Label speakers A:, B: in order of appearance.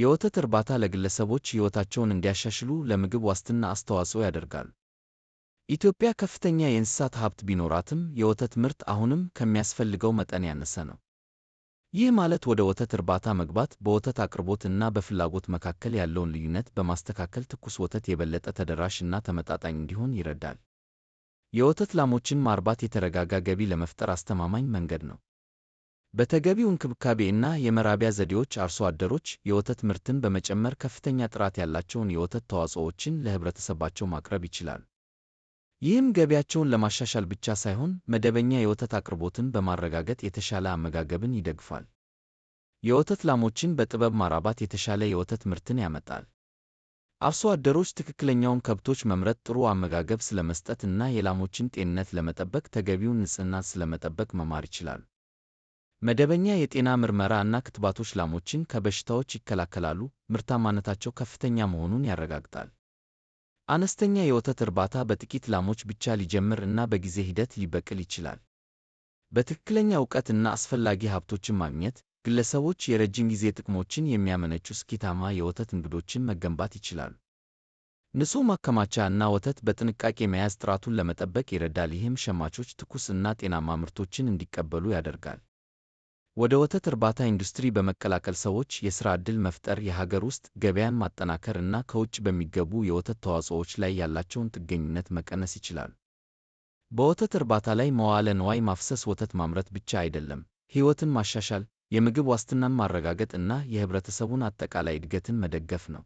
A: የወተት እርባታ ለግለሰቦች ሕይወታቸውን እንዲያሻሽሉ ለምግብ ዋስትና አስተዋጽኦ ያደርጋል። ኢትዮጵያ ከፍተኛ የእንስሳት ሀብት ቢኖራትም የወተት ምርት አሁንም ከሚያስፈልገው መጠን ያነሰ ነው። ይህ ማለት ወደ ወተት እርባታ መግባት በወተት አቅርቦት እና በፍላጎት መካከል ያለውን ልዩነት በማስተካከል ትኩስ ወተት የበለጠ ተደራሽ እና ተመጣጣኝ እንዲሆን ይረዳል። የወተት ላሞችን ማርባት የተረጋጋ ገቢ ለመፍጠር አስተማማኝ መንገድ ነው። በተገቢው እንክብካቤና የመራቢያ ዘዴዎች አርሶ አደሮች የወተት ምርትን በመጨመር ከፍተኛ ጥራት ያላቸውን የወተት ተዋጽኦዎችን ለህብረተሰባቸው ማቅረብ ይችላል። ይህም ገቢያቸውን ለማሻሻል ብቻ ሳይሆን መደበኛ የወተት አቅርቦትን በማረጋገጥ የተሻለ አመጋገብን ይደግፋል። የወተት ላሞችን በጥበብ ማራባት የተሻለ የወተት ምርትን ያመጣል። አርሶ አደሮች ትክክለኛውን ከብቶች መምረጥ ጥሩ አመጋገብ ስለመስጠት እና የላሞችን ጤንነት ለመጠበቅ ተገቢውን ንጽህና ስለመጠበቅ መማር ይችላል። መደበኛ የጤና ምርመራ እና ክትባቶች ላሞችን ከበሽታዎች ይከላከላሉ፣ ምርታማነታቸው ከፍተኛ መሆኑን ያረጋግጣል። አነስተኛ የወተት እርባታ በጥቂት ላሞች ብቻ ሊጀምር እና በጊዜ ሂደት ሊበቅል ይችላል። በትክክለኛ እውቀት እና አስፈላጊ ሀብቶችን ማግኘት፣ ግለሰቦች የረጅም ጊዜ ጥቅሞችን የሚያመነጩ ስኬታማ የወተት እንግዶችን መገንባት ይችላሉ። ንጹህ ማከማቻ እና ወተት በጥንቃቄ መያዝ ጥራቱን ለመጠበቅ ይረዳል፣ ይህም ሸማቾች ትኩስ እና ጤናማ ምርቶችን እንዲቀበሉ ያደርጋል። ወደ ወተት እርባታ ኢንዱስትሪ በመቀላቀል ሰዎች የሥራ ዕድል መፍጠር፣ የሀገር ውስጥ ገበያን ማጠናከር እና ከውጭ በሚገቡ የወተት ተዋጽኦዎች ላይ ያላቸውን ጥገኝነት መቀነስ ይችላሉ። በወተት እርባታ ላይ መዋዕለ ንዋይ ማፍሰስ ወተት ማምረት ብቻ አይደለም፤ ሕይወትን ማሻሻል፣ የምግብ ዋስትናን ማረጋገጥ እና የህብረተሰቡን አጠቃላይ እድገትን መደገፍ ነው።